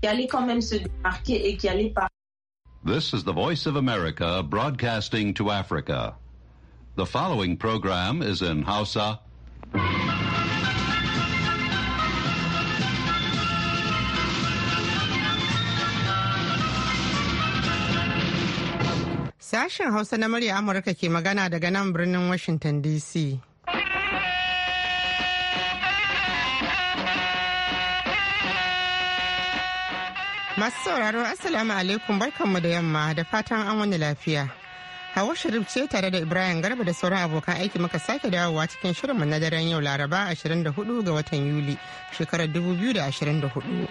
qui allait quand même se démarquer et qui allait parler. This is the Voice of America broadcasting to Africa. The following program is in Hausa. Sashen Hausa na murya Amurka ke magana daga nan birnin Washington DC. Masu sauraro Assalamu alaikum barkanmu da yamma da fatan an wani lafiya. Hawa Sharif ce tare da Ibrahim Garba da sauran abokan aiki muka sake dawowa cikin shirinmu na daren yau Laraba 24 ga watan Yuli shekarar 2024.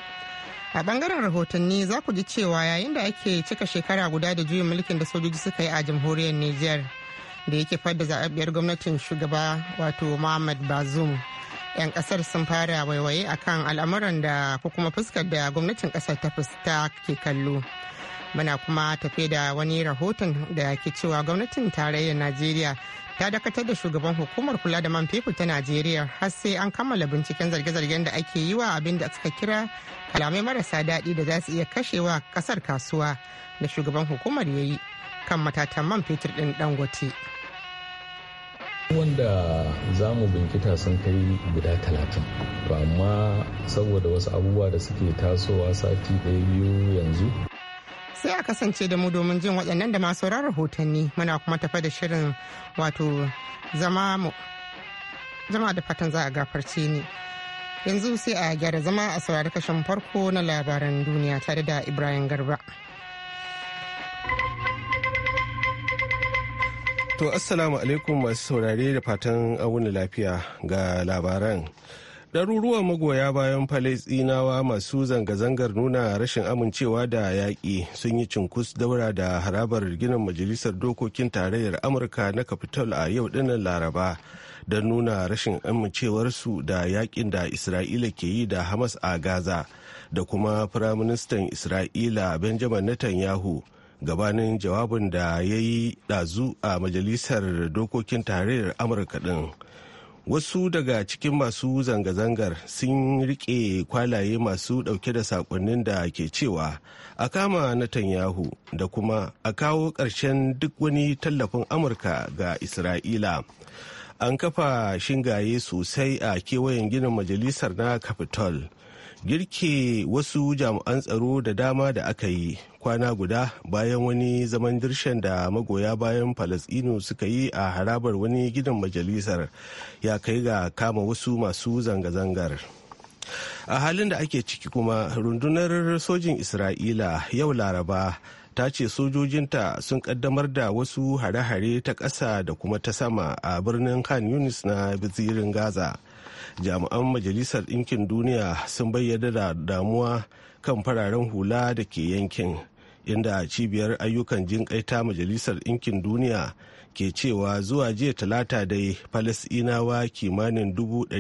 A bangaren rahotanni za ku ji cewa yayin da ake cika shekara guda da juyin mulkin da sojoji suka yi a jamhuriyar Nijar da yake fadda zaɓaɓɓiyar gwamnatin shugaba wato Muhammad Bazoum. 'yan kasar sun fara waiwaye kan al'amuran da ko kuma fuskar da gwamnatin kasar ta fuska ke kallo muna kuma tafe da wani rahoton da ke cewa gwamnatin tarayyar najeriya ta dakatar da shugaban hukumar kula da man fetur ta najeriya har sai an kammala binciken zarge-zargen da ake yi wa abin da suka kira kalamai marasa daɗi da za su iya kashewa kasar kasuwa da shugaban hukumar ya yi kan matatan man fetur ɗin dangote. wanda za mu binkita sun kai guda talatin to amma saboda wasu abubuwa da suke tasowa sati ɗaya biyu yanzu sai a kasance da mu domin jin waɗannan da masu rahotanni muna kuma tafa da shirin wato zama zama da fatan za a gafarce ni yanzu sai a gyara zama a saurari kashin farko na labaran duniya tare da ibrahim garba To assalamu alaikum masu saurare da fatan auna lafiya ga labaran. Ɗaruruwan magoya bayan falastinawa masu zanga-zangar nuna rashin amincewa da yaƙi sun yi cunkus daura da harabar ginin Majalisar Dokokin Tarayyar Amurka na Capitol a yau dinnan Laraba don nuna rashin amincewarsu da yaƙin da Isra'ila ke yi da Hamas a Gaza da kuma Firaministan Isra'ila Benjamin Netanyahu. gabanin jawabin da ya yi ɗazu a majalisar dokokin tarayyar amurka ɗin wasu daga cikin masu zanga-zangar sun rike kwalaye masu ɗauke da saƙonnin da ke cewa a kama Netanyahu da kuma a kawo ƙarshen duk wani tallafin amurka ga isra'ila an kafa shingaye sosai a kewayen ginin majalisar na capitol girke wasu jami'an tsaro da dama da aka yi kwana guda bayan wani zaman dirshen da magoya bayan falasino suka yi a harabar wani gidan majalisar ya kai ga kama wasu masu zanga-zangar a halin da ake ciki kuma rundunar sojin isra'ila yau laraba ta ce sojojinta sun kaddamar da wasu hare-hare ta ƙasa da kuma ta sama a birnin khan yunis na bizirin gaza jami'an majalisar ɗinkin duniya sun bayyana da damuwa kan fararen hula da ke yankin inda cibiyar ayyukan jinƙai ta majalisar ɗinkin duniya ke cewa zuwa jiya talata dai falasinawa kimanin dubu da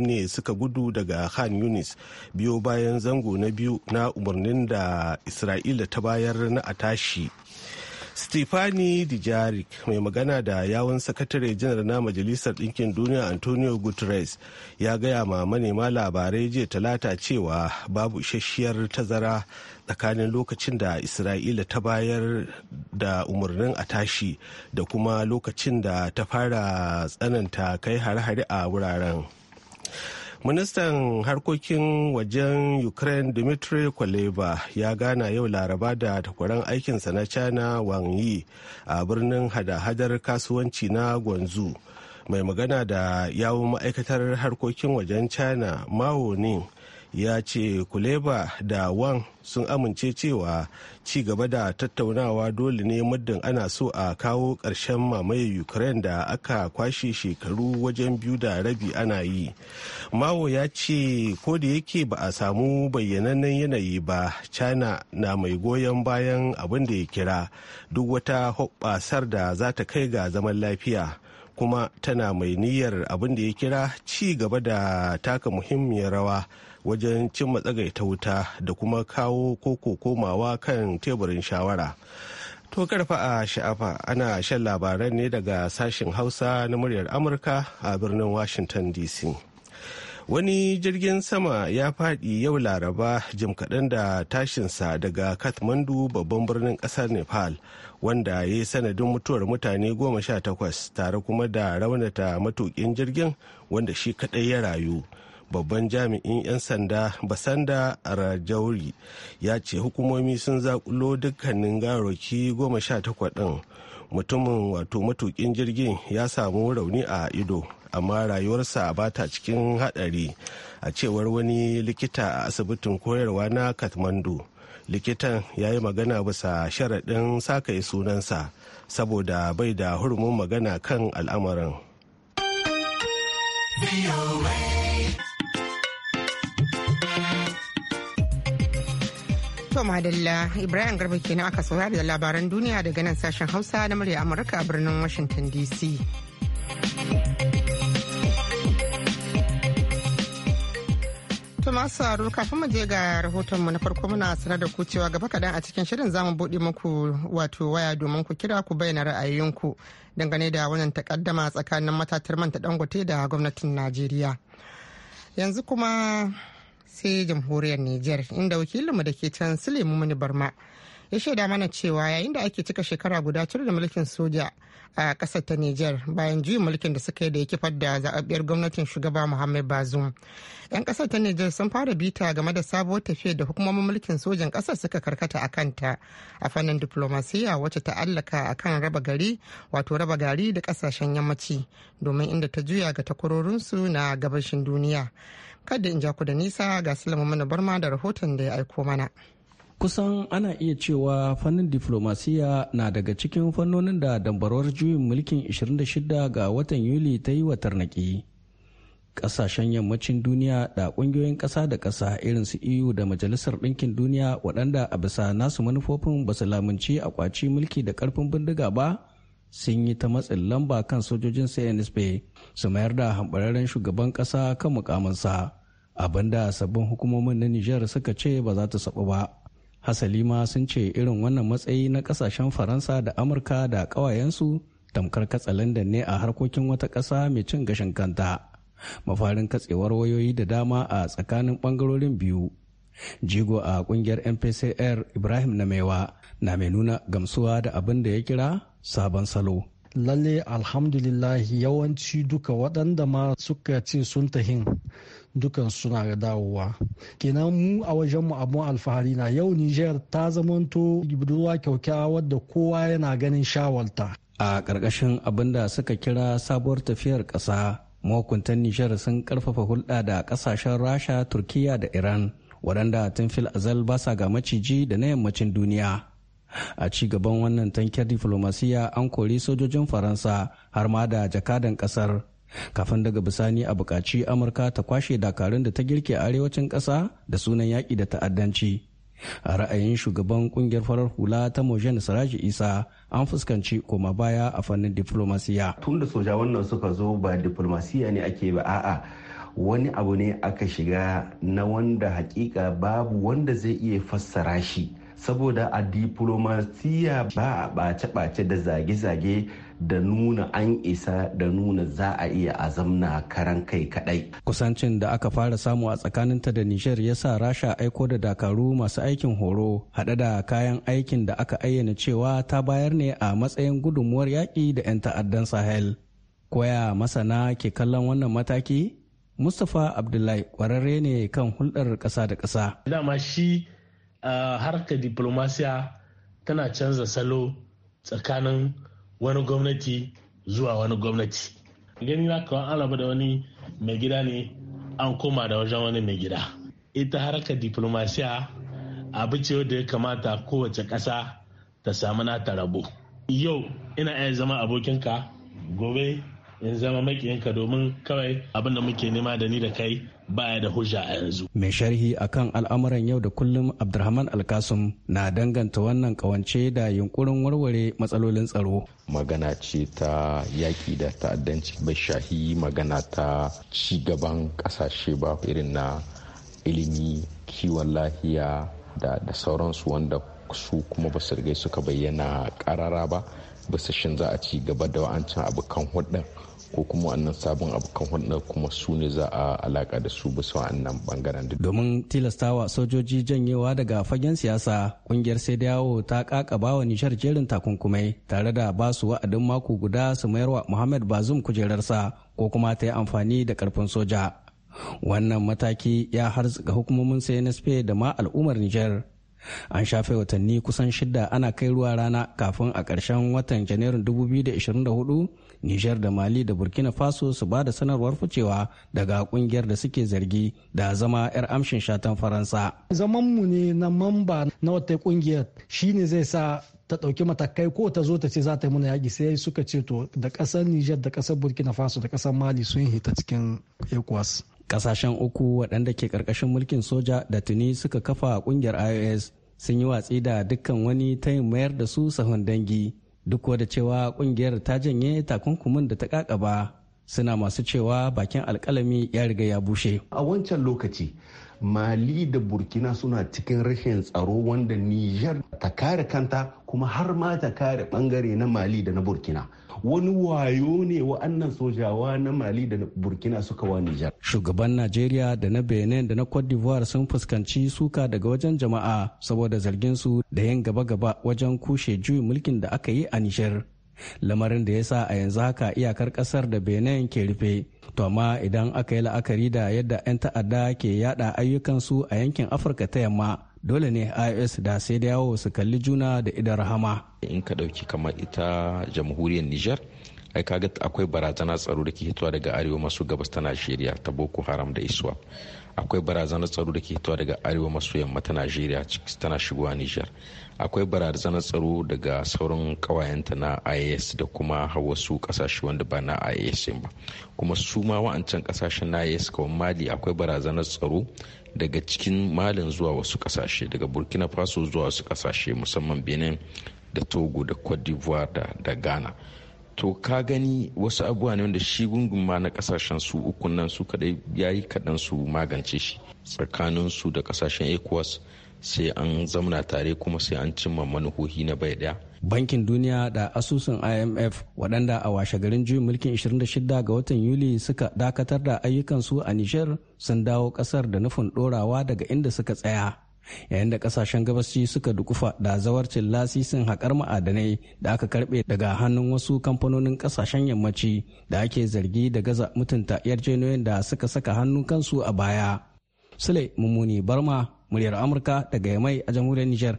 ne suka gudu daga khan yunis biyo bayan zango na biyu na umarnin da isra'ila ta bayar na atashi. stefani dijarik mai magana da yawun sakatare janar na majalisar ɗinkin duniya antonio guterres ya gaya ma manema labarai jiya talata cewa babu isasshiyar tazara tsakanin lokacin da isra'ila ta bayar da umarnin a tashi da kuma lokacin da ta fara tsananta kai hare-hare a wuraren ministan harkokin wajen ukraine dmitry kuleba ya gana yau laraba da takwaran aikinsa na china wang yi a birnin hada-hadar kasuwanci na gwanzu mai magana da yawun ma'aikatar harkokin wajen china mao ya ce kuleba da wan sun amince cewa ci gaba da tattaunawa dole ne muddin ana so a kawo ƙarshen mamaye ukraine da aka kwashe shekaru wajen biyu da rabi ana yi mawo ya ce ko da yake ba a samu bayyanannen yanayi ba china na mai goyon bayan abin da ya kira duk wata hoɓɓasar da za ta kai ga zaman lafiya kuma tana mai niyyar abin da ya kira ci gaba da taka muhimmiyar rawa wajen cimma ta wuta da kuma kawo koko komawa kan teburin shawara. To karfa a sha'afa ana shan labaran ne daga sashen Hausa na muryar Amurka a birnin Washington DC. wani jirgin sama ya fadi yau laraba jim kaɗan da tashinsa daga kathmandu babban birnin ƙasar nepal wanda ya yi sanadin mutuwar mutane goma sha takwas tare kuma da raunata matukin jirgin wanda shi kaɗai ya rayu babban jami'in 'yan sanda basanda rajauri ya ce hukumomi sun zakulo dukkanin garoki goma sha takwas ɗin mutumin wato matukin jirgin ya samu rauni a ido amma rayuwarsa ba ta cikin haɗari a cewar wani likita a asibitin koyarwa na kathmandu likitan ya yi magana bisa sharaɗin sakai sunansa saboda bai da hurumin magana kan al'amarin To madalla Ibrahim Garba kenan aka saurari da labaran duniya daga nan sashen Hausa na murya Amurka a birnin Washington DC. masu sauraro kafin mu je ga rahoton mu na farko muna sanar da ku cewa gaba kaɗan a cikin shirin zamu buɗe muku wato waya domin ku kira ku bayyana ra'ayoyinku dangane da wannan takaddama tsakanin matatar manta dangote da gwamnatin Najeriya. Yanzu kuma sai jamhuriyar Nijar inda wakilinmu da ke can Suleiman Barma ya shaida mana cewa yayin da ake cika shekara guda cire da mulkin soja a ƙasar ta Nijar bayan juyin mulkin da suka yi da ya kifar da zaɓaɓɓiyar gwamnatin shugaba Muhammad Bazoum. 'Yan ƙasar ta Nijar sun fara bita game da sabuwar tafiya da hukumomin mulkin sojan ƙasar suka karkata a kanta a fannin diplomasiya wacce ta allaka a kan raba gari wato raba gari da ƙasashen yammaci domin inda ta juya ga takwarorinsu na gabashin duniya. Kada in ja ku da nisa ga Sulaiman Barma da rahoton da ya aiko mana. kusan ana iya cewa fannin diflomasiya na daga cikin fannonin da dambarwar juyin mulkin 26 ga watan yuli ta yi wa tarnaki ƙasashen yammacin duniya da ƙungiyoyin ƙasa da ƙasa irin su eu da majalisar ɗinkin duniya waɗanda a bisa nasu manufofin ba su lamunci a kwaci mulki da ƙarfin bindiga ba sun yi ta matsin lamba kan sojojin cnsp su mayar da hambararren shugaban ƙasa kan mukamansa abinda sabbin hukumomin na niger suka ce ba za ta saɓu ba hasali ma sun ce irin wannan matsayi na kasashen faransa da amurka da ƙawayensu tamkar katsa katsalandan ne a harkokin wata ƙasa mai cin gashin kanta mafarin katsewar wayoyi da dama a tsakanin ɓangarorin biyu jigo a ƙungiyar mpcr ibrahim namewa na mai nuna gamsuwa da abin da ya kira sabon salo lalle alhamdulillah yawanci duka waɗanda ma suka ce sun tahin dukan suna ga dawowa kenan mu a wajenmu mu abun alfahari na yau niger ta zamanto budurwa kyaukyawa wadda kowa yana ganin shawalta a ƙarƙashin abin da suka kira sabuwar tafiyar ƙasa mahukuntan nijar sun ƙarfafa hulɗa da ƙasashen rasha turkiya da iran waɗanda tun fil azal ba sa ga maciji da na yammacin duniya a ci gaban wannan tanker diflomasiyya an kori sojojin faransa har ma da jakadan ƙasar kafin daga bisani a bukaci amurka ta kwashe dakarun da ta girke arewacin ƙasa da sunan yaƙi da ta'addanci a ra'ayin shugaban kungiyar farar hula ta mojen siraji isa an fuskanci koma baya a fannin diflomasiya tun da soja wannan suka zo ba diflomasiya ne ake ba a'a wani abu ne aka shiga na wanda hakika babu wanda zai iya fassara shi saboda a diplomasiya ba a ɓace-ɓace da zage-zage da nuna an isa da nuna za a iya azamna karan kai kadai. Kusancin da aka fara samu a tsakaninta da Nijar ya sa Rasha aiko da dakaru masu aikin horo haɗe da kayan aikin da aka ayyana cewa ta bayar ne a matsayin gudunmuwar yaƙi da 'yan ta'addan Sahel. Koya masana ke kallon wannan mataki? Mustapha Abdullahi ƙwararre ne kan hulɗar ƙasa da ƙasa. Dama shi ah, harkar diplomasiya tana canza salo tsakanin wani gwamnati zuwa wani gwamnati gani na kawai an da wani mai gida ne an koma da wajen wani mai gida ita harkar diplomasiya abu ce da ya kamata kowace ƙasa ta samu nata rabo yau ina iya zama abokinka gobe yanzu zama makiyanka domin kawai abin da muke nema da ni da kai baya da hujja a yanzu. Mai sharhi akan al'amuran yau da kullum Abdulrahman Alkasum na danganta wannan kawance da yunkurin warware matsalolin tsaro. Magana ce ta yaƙi da ta'addanci bai shahi magana ta ci gaban ƙasashe ba irin na ilimi, kiwon lafiya da, da sauransu wanda su kuma ba su suka bayyana ƙarara ba. Bisa za a ci gaba da abu kan hudun. ko kuma wannan sabon abokan hulɗar kuma su ne za a alaka da su bisa wannan bangaren. Domin tilastawa sojoji janyewa daga fagen siyasa kungiyar sai yawo ta kakaba bawa nishar jerin takunkumai tare da ba su wa'adin mako guda su mayar wa Muhammad Bazum kujerarsa ko kuma ta yi amfani da karfin soja. Wannan mataki ya harzuka hukumomin CNSP da ma al'ummar Nijar. an shafe watanni kusan shida ana kai ruwa rana kafin a ƙarshen watan janairun 2024 nijar da mali da burkina faso su ba da sanarwar ficewa daga kungiyar da suke zargi da zama 'yar amshin shatan faransa mu ne na mamba na wata kungiyar ne zai sa ta ɗauki matakai ko ta zo ta ce za ta yi mana yaƙi sai suka ce to da kasar nijar da ƙasar burkina faso da ƙasar mali sun hita cikin ecowas kasashen uku waɗanda ke ƙarƙashin mulkin soja da tuni suka kafa ƙungiyar IOS sun yi watsi da dukkan wani ta yin mayar da su sahun dangi duk da cewa ƙungiyar ta janye takunkumin da ta ƙaƙaba suna masu cewa bakin alkalami ya riga ya bushe. A wancan lokaci Mali da Burkina suna cikin rashin tsaro wanda Nijar ta kare kanta kuma har ma ta kare bangare na Mali da na Burkina. wani wayo ne wa'annan sojawa na mali da burkina suka wa nijar shugaban najeriya da na benin da na cote d'ivoire sun fuskanci suka daga wajen jama'a saboda zargin su da yin gaba-gaba wajen kushe juyin mulkin da aka yi a nijar lamarin da ya sa a yanzu haka iyakar kasar da benin ke rufe to amma idan aka yi la'akari da yadda 'yan ta'adda ke yada ayyukansu a yankin afirka ta yamma dole ne ios da sai da yawo su kalli juna da idan rahama in ka ɗauki kamar ita jamhuriyar niger ai kaga akwai barazana tsaro da ke hitowa daga arewa maso gabas ta najeriya ta boko haram da iswa akwai barazanar tsaro da ke hitowa daga arewa maso yamma ta najeriya tana shigowa niger akwai barazanar tsaro daga sauran kawayenta na ias da kuma wasu kasashe wanda ba na ias ba kuma su ma wa'ancan kasashen na ias kawai mali akwai barazanar tsaro daga cikin malin zuwa wasu kasashe daga burkina faso zuwa wasu kasashe musamman benin da togo da cote d'ivoire da ghana to ka gani wasu abubuwa ne wanda shi gungun ma na kasashen su uku nan su kadai ya yi kaɗan su magance shi tsakanin su da kasashen ecowas sai an zamuna tare kuma sai an cimma manuhohi na bai ɗaya bankin duniya da asusun imf waɗanda a washe garin juyin mulkin 26 ga watan yuli suka dakatar da ayyukansu a niger sun dawo ƙasar da nufin ɗorawa daga inda suka tsaya yayin da kasashen gabashi suka dukufa da zawarcin lasisin haƙar ma'adanai da aka karɓe daga hannun wasu kamfanonin kasashen yammaci da ake zargi da gaza mutunta yarjejeniyoyin da suka saka hannu kansu a baya sule mummuni barma muryar amurka daga yamai a jamhuriyar nijar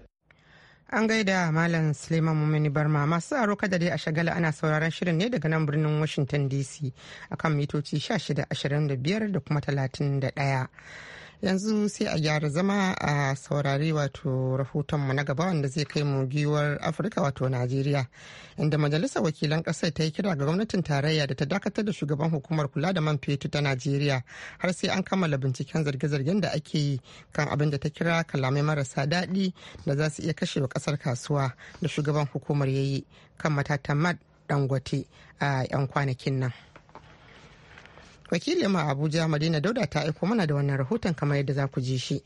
An gaida Malam Suleiman Mumini Barma masu aro kada dai a shagala ana sauraron shirin ne daga nan birnin Washington DC akan mitoci 25 da kuma 31. yanzu sai a gyara zama a saurari wato mu na gaba wanda zai kai mu giwar afirka wato najeriya inda majalisar wakilan kasar ta yi kira ga gwamnatin tarayya da ta dakatar da shugaban hukumar kula da man fetur ta najeriya har sai an kammala binciken zarge-zargen da ake yi kan abin da ta kira kalamai marasa daɗi da za su iya wa kasar kasuwa da shugaban hukumar ya yi kan matatan mad dangote a 'yan kwanakin nan. wakilin ma abuja madina dauda ta aiko mana da wannan rahoton kamar yadda za ku ji shi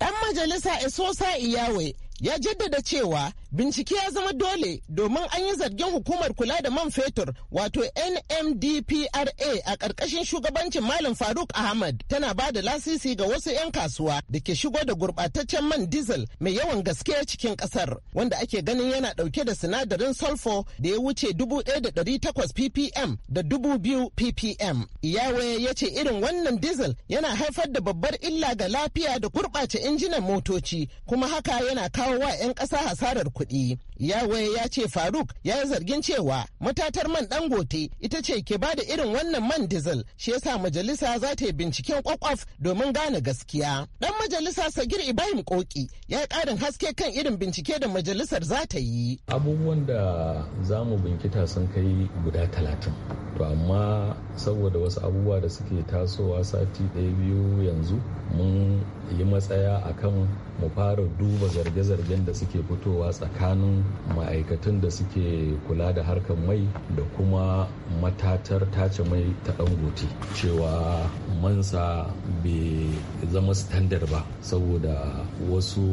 dan majalisa isosa iyawe ya jaddada cewa Bincike ya zama dole domin an yi zargin hukumar kula da man fetur wato NMDPRA a ƙarƙashin shugabancin Malam Faruk Ahmad tana ba da lasisi ga wasu 'yan kasuwa da ke shigo da gurɓataccen man diesel mai yawan gaske cikin ƙasar wanda ake ganin yana ɗauke da sinadarin sulfur da ya wuce dubu ɗaya da ɗari takwas ppm da dubu biyu ppm. Iyawe ya ce irin wannan diesel yana haifar da babbar illa ga lafiya da gurɓace injinan motoci kuma haka yana kawo wa 'yan ƙasa hasarar kuɗi. kuɗi Yawe ya ce Faruk ya yi zargin cewa matatar man gote ita ce ke bada irin wannan man diesel shi yasa majalisa za ta yi binciken kwakwaf domin gane gaskiya. Dan majalisa Sagir Ibrahim Koki ya yi karin haske kan irin bincike da majalisar za ta yi. Abubuwan da za mu binkita sun kai guda talatin. To amma saboda wasu abubuwa da suke tasowa sati ɗaya biyu yanzu mun yi matsaya akan mu fara duba zarge-zargen da suke fitowa tsakanin ma'aikatan da suke kula da harkar mai da kuma matatar tace mai ta dangote cewa mansa bai zama standard ba saboda wasu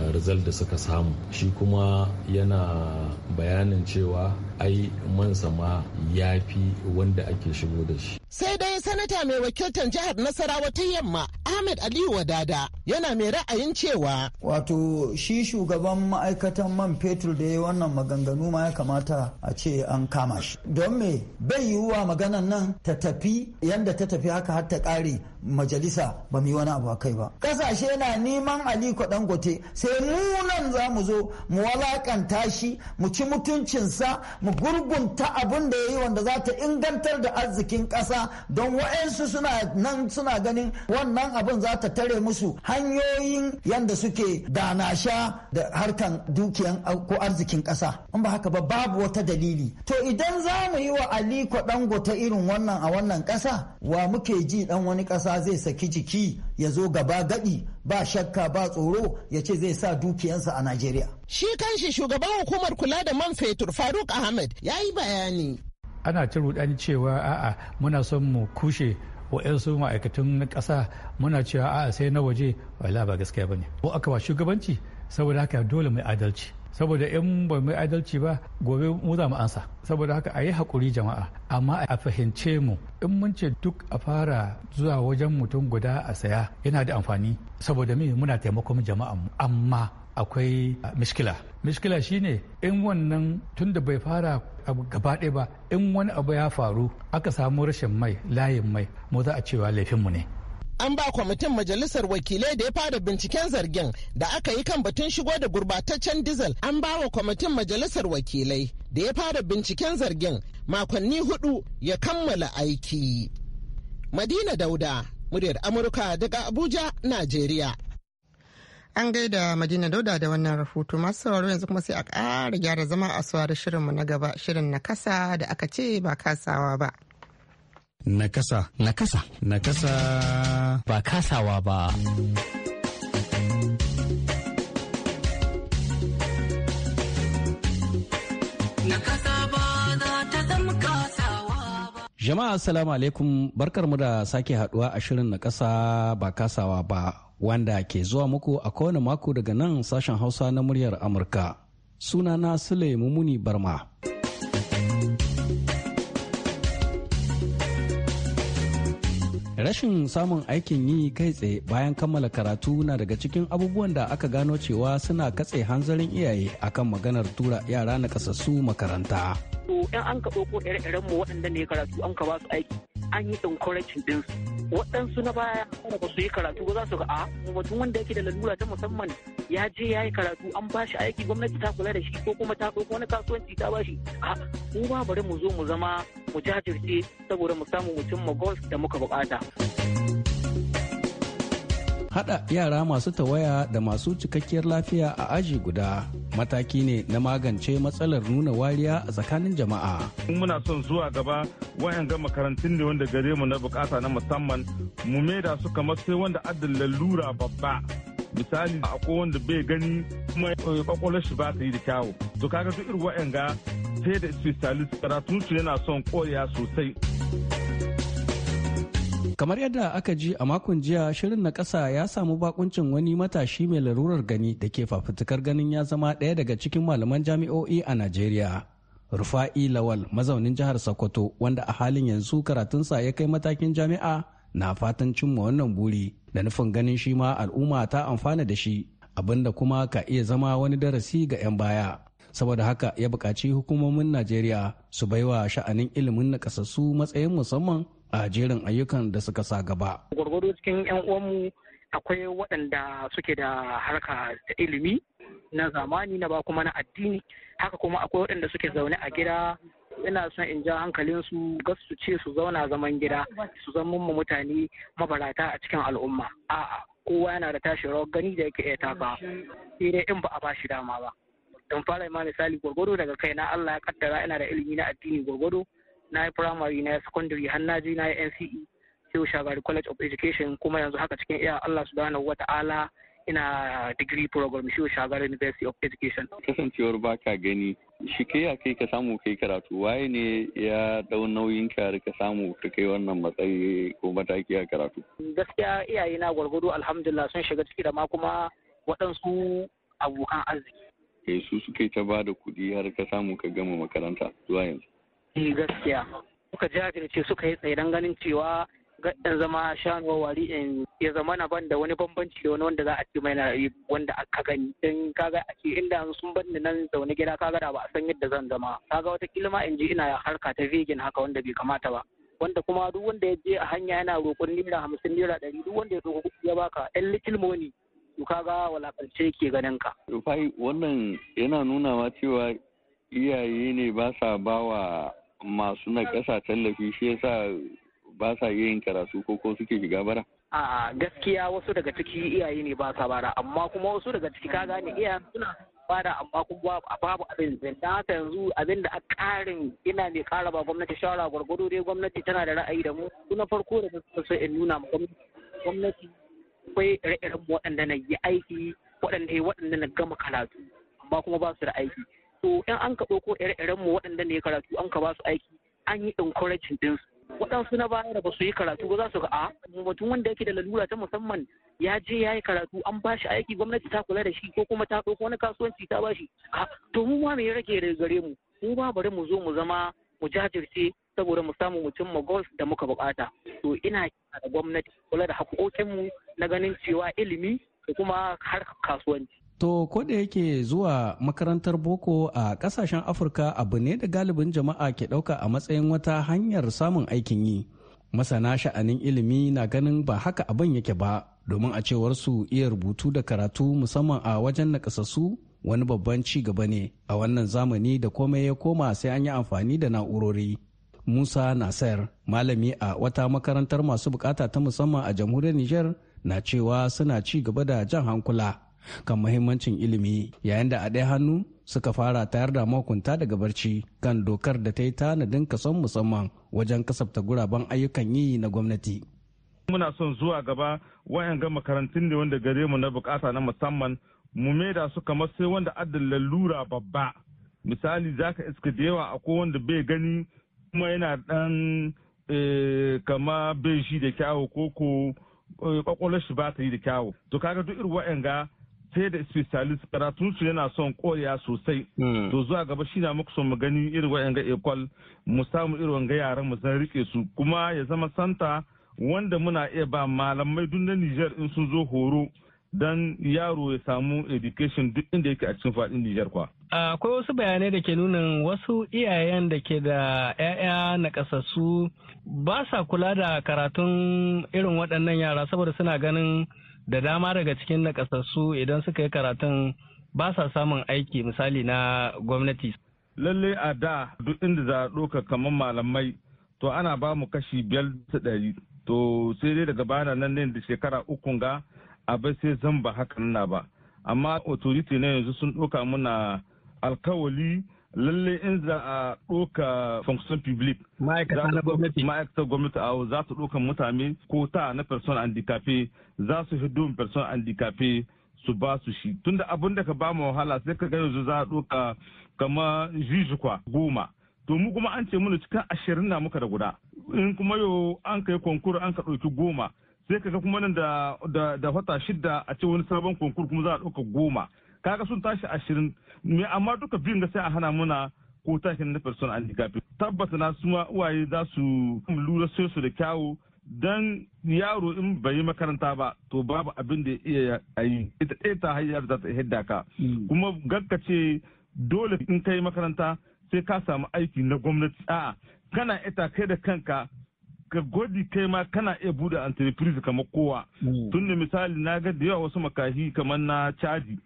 eh, result da suka samu shi kuma yana bayanin cewa ai mansa ma ya fi wanda ake shigo da shi sai dai sanata mai wakiltar jihar nasarawa ta yamma ahmed aliyu wadada yana mai ra'ayin cewa wato shi shugaban ma'aikatan man fetur da ya wannan maganganu ma ya kamata a ce an kama shi don me bai yiwuwa maganan nan ta tafi yanda ta tafi haka har ta kare majalisa ba mu yi wani abu kai ba kasashe na neman aliko gote sai mu nan za mu zo mu walakanta shi mu ci mutuncinsa mu gurgunta abin da ya yi wanda za ta ingantar da arzikin ƙasa don wa'ansu suna nan suna ganin wannan abin za ta tare musu hanyoyin yanda suke danasha da harkan dukiyan ko arzikin ƙasa in ba haka ba babu wata dalili to idan za mu yi wa aliko gota irin wannan a wannan ƙasa wa muke ji dan wani ƙasa zai saki jiki ya zo gaba gadi ba shakka ba tsoro ya ce zai sa dukiyansa a najeriya shi kanshi shugaban hukumar kula da man fetur faruk ahmed ya yi bayani ana ta rudani cewa a'a muna son mu kushe wa'yansu ma'aikatan na ƙasa muna cewa a'a sai na waje wala ba gaskiya ba ne ko aka ba shugabanci saboda haka dole mai adalci saboda in ba mai adalci ba gobe mu za mu ansa saboda haka a yi haƙuri jama'a amma a fahimce mu in mun ce duk a fara zuwa wajen mutum guda a saya yana da amfani saboda min muna taimakon jama'a mu amma akwai ah, miskila miskila shine in wannan tun da bai fara gaba ɗaya ba in wani abu ya faru aka samu rashin mai layin mai mu za a cewa laifinmu ne an ba kwamitin majalisar wakilai da ya fara binciken zargin da aka yi kan batun shigo da gurbataccen dizal an ba wa kwamitin majalisar wakilai da ya fara binciken zargin makonni hudu ya kammala aiki madina dauda muryar amurka daga abuja najeriya An gaida Madina Dauda da wannan rahoto masu sauraro yanzu kuma sai a ƙara gyara zama a saurari shirinmu na gaba shirin na kasa da aka ce ba kasawa ba. Na Na kasa. kasa. Na kasa Ba kasawa ba. Jama'a Assalamu alaikum barkar mu da sake haduwa a shirin na kasa ba kasawa ba wanda ke zuwa muku a kowane mako daga nan sashen Hausa na muryar Amurka. Sunana Sule Mumuni Barma. Rashin samun aikin yi kai tsaye bayan kammala karatu na daga cikin abubuwan da aka gano cewa suna katse hanzarin iyaye akan maganar tura yara na kasassu makaranta. in an ka ɗauko ire waɗanda ne karatu an ka su aiki an yi encouraging din waɗansu na baya kuma ba su yi karatu ba za su ga a mutum wanda yake da lalura ta musamman ya je ya yi karatu an ba shi aiki gwamnati ta kula da shi ko kuma ta ɗauko wani kasuwanci ta ba shi a mu ba bari mu zo mu zama mu jajirce saboda mu samu mutum mu gos da muka buƙata Haɗa yara masu tawaya da masu cikakkiyar lafiya a aji guda mataki ne na magance matsalar nuna wariya a tsakanin jama'a. Muna son zuwa gaba wayan ga makarantun ne wanda gare mu na bukata na musamman mu maida su kamar sai wanda adin lalura babba. misali akwai wanda bai gani kuma kwakwalwar shi ba ta yi da kyawu to kaga duk irin wayan ga sai da specialist karatun su yana son koya sosai kamar yadda aka ji a makon jiya shirin na ƙasa ya samu bakuncin wani matashi mai larurar gani da ke fafutukar ganin ya zama ɗaya daga cikin malaman jami'o'i a najeriya rufa'i lawal mazaunin jihar sokoto wanda a halin yanzu karatunsa ya kai matakin jami'a na fatan cimma wannan buri da nufin ganin shi ma al'umma ta amfana da shi abinda kuma ka iya zama wani darasi ga 'yan baya saboda haka ya buƙaci hukumomin najeriya su baiwa sha'anin ilimin nakasassu matsayin musamman a jerin ayyukan da suka sa gaba. Gwargwado cikin 'yan uwanmu akwai waɗanda suke da harka da ilimi na zamani na ba kuma na addini haka kuma akwai waɗanda suke zaune a gida ina son in ja hankalin su su ce su zauna zaman gida su zama mu mutane mabarata a cikin al'umma a'a kowa yana da tashi rawar gani da yake iya taka sai dai in ba a bashi dama ba don fara ma misali gwargwado daga kai. Na Allah ya kaddara ina da ilimi na addini gwargwado na yi primary na yi secondary har na je na yi NCE sai shagari college of education kuma yanzu haka cikin iya Allah subhanahu wa ta'ala ina degree program shi shagari university of education kasancewar baka gani shi kai ya kai ka samu kai karatu waye ne ya dau nauyin ka ka samu ka kai wannan matsayi ko mataki a karatu gaskiya iyaye na gwargwado alhamdulillah sun shiga ciki da ma kuma waɗansu abokan arziki eh su suke ta bada kuɗi har ka samu ka gama makaranta zuwa yanzu Eh, gaskiya suka jajirce suka yi tsaidan ganin cewa gaɗin zama shanuwa wari in eh, ya zama na ban da wani bambanci da wani wanda za a ce mai na wanda aka gani don kaga a ce inda sun ban da nan zaune gida kaga da ba a san yadda zan zama kaga wata kilma in ji ina harka ta vegan haka wanda bai kamata ba wanda kuma duk wanda ya je a hanya yana roƙon naira hamsin naira ɗari duk wanda ya zo ya baka ɗan little money to kaga walakance ke ganin ka. Rufai wannan yana nunawa cewa iyaye ne ba sa ba wa masu na ƙasa tallafi shi yasa ba sa yin karatu ko ko suke shiga bara? A'a gaskiya wasu daga ciki iyaye ne ba sa bara amma kuma wasu daga ciki ka gane iyayen suna bada amma kuma babu abin zan haka yanzu abin da a ƙarin ina mai ƙara ba gwamnati shawara gwargwado dai gwamnati tana da ra'ayi da mu tuna farko da ta so in nuna ma gwamnati akwai ire-iren waɗanda na yi aiki waɗanda ya waɗanda na gama karatu amma kuma ba su da aiki so yan an ka ɗauko ire-iren mu waɗanda ne karatu an ka ba su aiki an yi encouraging su. waɗansu na baya da ba su yi karatu ba za su ga a mutum wanda yake da lalura ta musamman ya je ya yi karatu an ba shi aiki gwamnati ta kula da shi ko kuma ta ɗauko wani kasuwanci ta ba shi to mu ma me ya rage da gare mu mu ba bari mu zo mu zama mu jajirce saboda mu samu mu cimma goals da muka bukata to ina da gwamnati kula da haƙoƙin mu na ganin cewa ilimi da kuma har kasuwanci To ko da yake zuwa makarantar boko a kasashen Afirka abu ne da galibin jama'a ke ɗauka a matsayin wata hanyar samun aikin yi. Masana sha'anin ilimi na ganin ba haka abin yake ba, domin a cewar su iya rubutu da karatu musamman a wajen nakasassu wani babban ci gaba ne a wannan zamani da komai ya koma sai an yi amfani da na'urori. Musa Nasir, malami a wata makarantar masu bukata ta musamman a jamhuriyar Nijar, na cewa suna ci gaba da jan hankula. kan muhimmancin ilimi yayin da a ɗaya hannu suka fara tayar da makunta daga barci kan dokar da ta yi tanadin kason musamman wajen kasafta guraben ayyukan yi na gwamnati. Muna son zuwa gaba ga makarantun ne wanda gare mu na bukata na musamman mu maida su kamar sai wanda adda lalura babba. Misali zaka iska da yawa akwai wanda bai gani kuma yana dan eh, kama bai shi da kyawu ko ko kwakwalwar eh, shi ba ta yi da kyawu. To kaga duk irin ga. sai da specialist karatun su yana son koya sosai hmm. to zuwa gaba shi na muku son mu gani irin ga ekol mu samu irin wanga yaran mu san rike su kuma ya zama santa wanda muna iya ba malamai duk na nijar in sun zo horo dan yaro ya samu education duk inda yake a cikin faɗin Nijar kwa. Akwai wasu bayanai da ke nuna wasu iyayen da ke da 'ya'ya na kasassu ba sa kula da karatun irin waɗannan yara saboda suna ganin da dama daga cikin nakasassu idan suka yi karatun ba sa samun aiki misali na gwamnati. lallai a da duk inda za a ɗauka kamar malamai to ana ba mu kashi biyar da ɗari to sai dai daga bana nan ne da shekara uku ga abai sai zan ba haka na ba amma authority na yanzu sun ɗauka muna alkawali Lallai in za a ɗoka function public gwamnati ma'aikatar gwamnati a za su ɗoka mutane ko ta na person handicapé za su hidu person handicapé su ba su shi tunda abin da ka ba mu wahala sai ka ga yanzu za a ɗoka kama jijikwa goma to mu kuma an ce mana cikin ashirin na muka da guda in kuma yau an kai konkur an ka ɗauki goma sai ka ga kuma nan da da wata shidda a ce wani sabon konkur kuma za a ɗauka goma kaga sun tashi ashirin me amma duka biyun ga sai a hana muna ko tashi na person and gafi tabbata na suma uwaye za su lura sai su da kyawu dan yaro in bai yi makaranta ba to babu abin da iya yi ita ɗaya ta hanyar za ta hidda ka mm. kuma gaggace dole in ka yi makaranta sai ka samu aiki na gwamnati a'a kana ita kai da kanka ka godi kai ma kana iya bude entreprise kamar kowa mm. Tunda misali na ga da yawa wasu makahi kamar na caji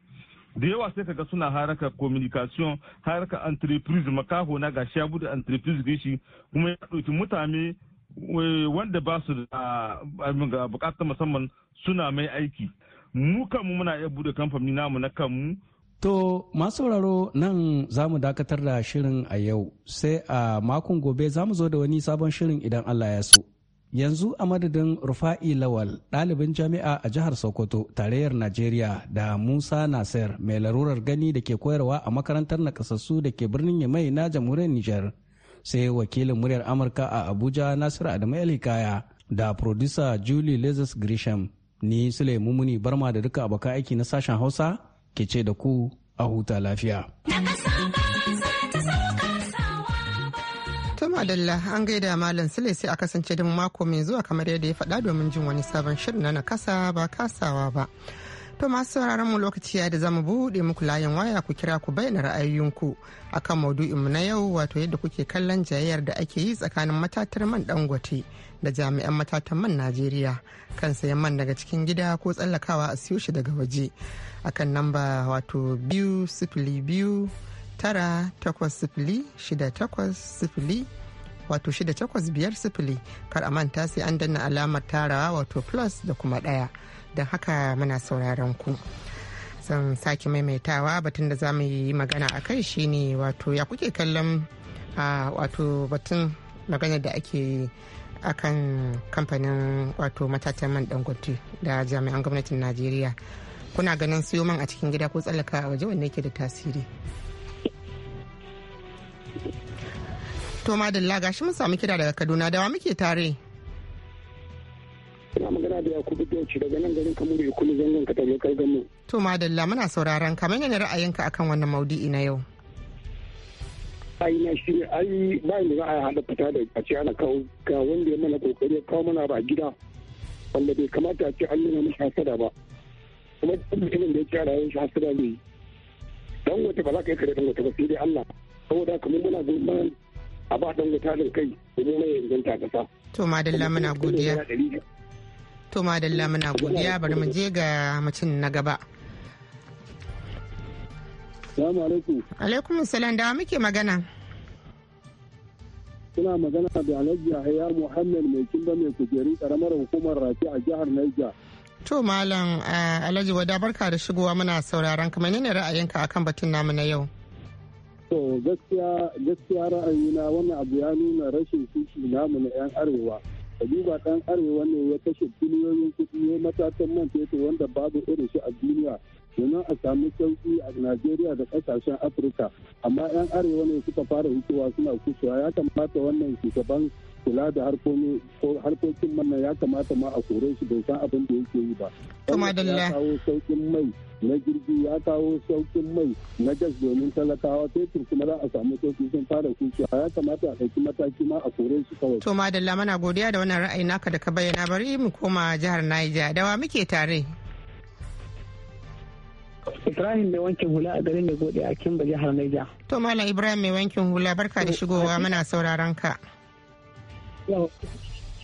da yawa sai kaga suna haraka communication haraka entreprise makaho na gashi ya bude entreprise gashi kuma ya ɗauki mutane eh, wanda ba su da ah, bukatar musamman suna mai aiki mu kanmu muna iya bude kamfani namu na kanmu To masu sauraro nan za mu dakatar da shirin a yau sai a makon gobe za mu zo da wani sabon shirin idan Allah ya so. yanzu a madadin rufa'i lawal ɗalibin jami'a a jihar sokoto tarayyar najeriya da musa nasir mai larurar gani da ke koyarwa a makarantar nakasassu da ke birnin yamai na jamhuriyar nijar sai wakilin muryar amurka a abuja nasiru adamu Elikaya, da producer julie lezis grisham ni sule mumuni barma da duka abokan aiki na sashen hausa ke ce da ku a huta lafiya. Adalla an gaida malam sule sai a kasance da mako mai zuwa kamar yadda ya faɗa domin jin wani sabon shirin na nakasa ba kasawa ba to masu sauraron mu lokaci ya da zamu buɗe muku layin waya ku kira ku bayyana ra'ayoyinku akan maudu'in mu na yau wato yadda kuke kallon jayayyar da ake yi tsakanin matatar man dangote da jami'an matatan man najeriya kan sayan man daga cikin gida ko tsallakawa a siyo shi daga waje akan namba wato biyu sifili biyu tara takwas sifili shida takwas sifili wato shida biyar sifili kar a manta sai an danna alamar tarawa wato plus da kuma ɗaya don haka muna sauraron ku. san sake maimaitawa batun da za mu yi magana a kai shine wato ya kuke kallon wato batun magana da ake akan kamfanin wato matatan man dangote da jami'an gwamnatin najeriya kuna ganin siyo man a cikin gida ko tsallaka a waje wanda yake da tasiri To Madalla gashi mun samu kira daga Kaduna dawa muke tare. Ina magana da Yakubu Dauci daga nan garin kamar Kamuru Ikulu zangon ka tabe kai gamu. To Madalla muna sauraron ka menene ra'ayinka akan wannan maudu'i na yau? Ai na shi ai ba ni ra'ayi a hada fita da a ce ana kawo ga wanda ya mana kokari kawo mana ba gida wanda bai kamata a ce an nuna mishi hasada ba. Kuma mutumin da ya ce a shi hasada ne. Dan wata ba za ka yi kare dan wata ba sai dai Allah. Saboda kamar muna goyon a ba dan misalin kai domin mai inganta kasa. To madalla muna godiya. To madalla muna godiya bari mu je ga mutum na gaba. Salamu alaikum. Alaikum salam da muke magana. Suna magana da Alhaji Yahya Muhammad mai kinda mai kujerun karamar hukumar Rafi a jihar Niger. To Malam eh, Alhaji Wada barka da shigowa muna sauraron kamar ne ra'ayinka akan batun namu na yau. To gaskiya gaskiya ra'ayina wannan abu ya nuna rashin kishi namu na 'yan arewa. duba ɗan arewa ne ya kashe biliyoyin kuɗi ya matakan man fetur wanda babu irin shi a duniya domin a sami sauki a Najeriya da ƙasashen Afirka. Amma 'yan arewa ne suka fara hutuwa suna kusurwa ya kamata wannan shugaban kula da harkokin manna ya kamata ma a kore shi bai san abin da yake yi ba. Ya kawo sauƙin mai na jirgi ya kawo sauƙin mai na gas domin talakawa fetur kuma za a samu sauƙi sun fara kuciya ya kamata a ɗauki mataki ma a kore shi kawai. To madalla mana godiya da wannan ra'ayi naka da ka bayyana bari mu koma jihar Niger dawa muke tare. Ibrahim mai wankin hula a garin da gode a Kimba jihar Niger. To Malam Ibrahim mai wankin hula barka da shigowa muna sauraron ka.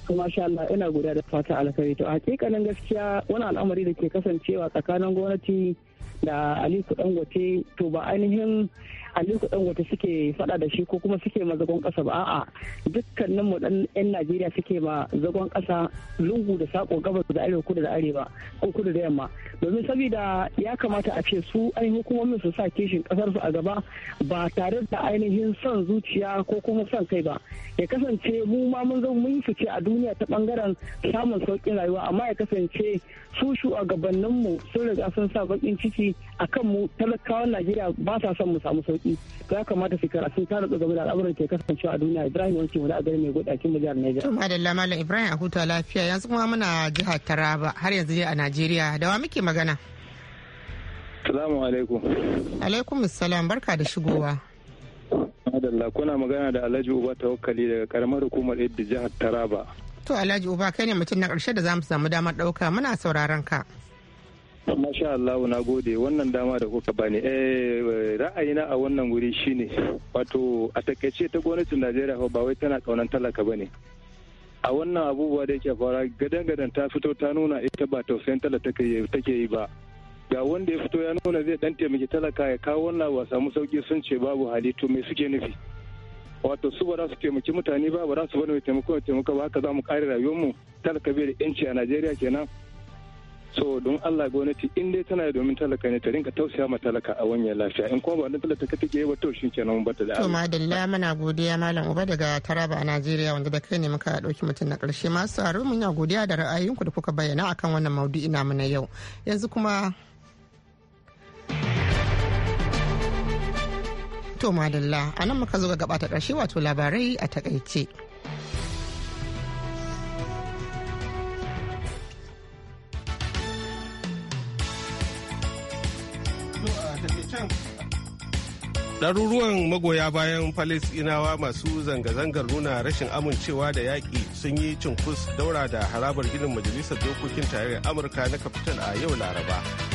kuma sha Allah ina guda da fata alkhairi to hakikanin gaskiya wani al'amari da ke kasancewa tsakanin gwamnati da Aliko Dangote to ba ainihin Aliko ɗan wata suke faɗa da shi ko kuma suke ma zagon kasa ba a'a dukkanin mu dan yan Najeriya suke ma zagon kasa lungu da sako gabas da arewa kudu da arewa ko kudu da yamma domin saboda ya kamata a ce su ainihin hukumomin su sa kishin kasar su a gaba ba tare da ainihin son zuciya ko kuma son kai ba ya kasance mu ma mun zo mun fice a duniya ta bangaren samun sauƙin rayuwa amma ya kasance su shugabanninmu sun riga sun sa bakin ciki akan mu talakawan Najeriya ba sa son mu samu sauƙi sauki to ya kamata su kara sun rutsu game da al'amuran ke kasancewa a duniya Ibrahim wanke wani agari mai godakin mu jihar Niger. tun madalla malam Ibrahim a huta lafiya yanzu kuma muna jihar Taraba har yanzu a Najeriya da wa muke magana. Salamu alaikum. Alaikum salam barka da shigowa. Madalla kuna magana da Alhaji Uba Tawakkali daga karamar hukumar Iddi jihar Taraba. To Alhaji Uba kai ne mutum na ƙarshe da za mu samu damar ɗauka muna sauraron ka. Masha Allah na gode wannan dama da kuka bani. Eh ra'ayina a wannan guri shine wato a takaice ta gwamnatin Najeriya ba wai tana kaunan talaka bane. a wannan abubuwa da yake fara gadan gadan ta fito ta nuna ita ba tausayin talaka take yi ba ga wanda ya fito ya nuna zai dan taimaki talaka ya kawo wannan ba samu sauki sun ce babu halittu me suke nufi wato su ba za su taimaki mutane ba ba za su bani mai taimako taimako ba haka za mu kare mu talaka bai da yanci a najeriya kenan so don Allah gwamnati in dai tana domin talaka ne ta rinka tausaya ma talaka a wannan lafiya in kuma ba don talaka take ba to shin kenan ba ta da to madalla muna godiya malam uba daga Taraba a Najeriya wanda da kai ne muka dauki mutum na karshe masu tsaro mun ya godiya da ra'ayinku da kuka bayyana akan wannan maudu'i namu na yau yanzu kuma to madalla a nan muka zo ga gaba ta ƙarshe wato labarai a takaice. ɗaruruwan magoya bayan falisɗinawa masu zanga-zangar nuna rashin amincewa da yaƙi sun yi cinkus daura da harabar ginin majalisar dokokin tarayyar amurka na kapital a yau laraba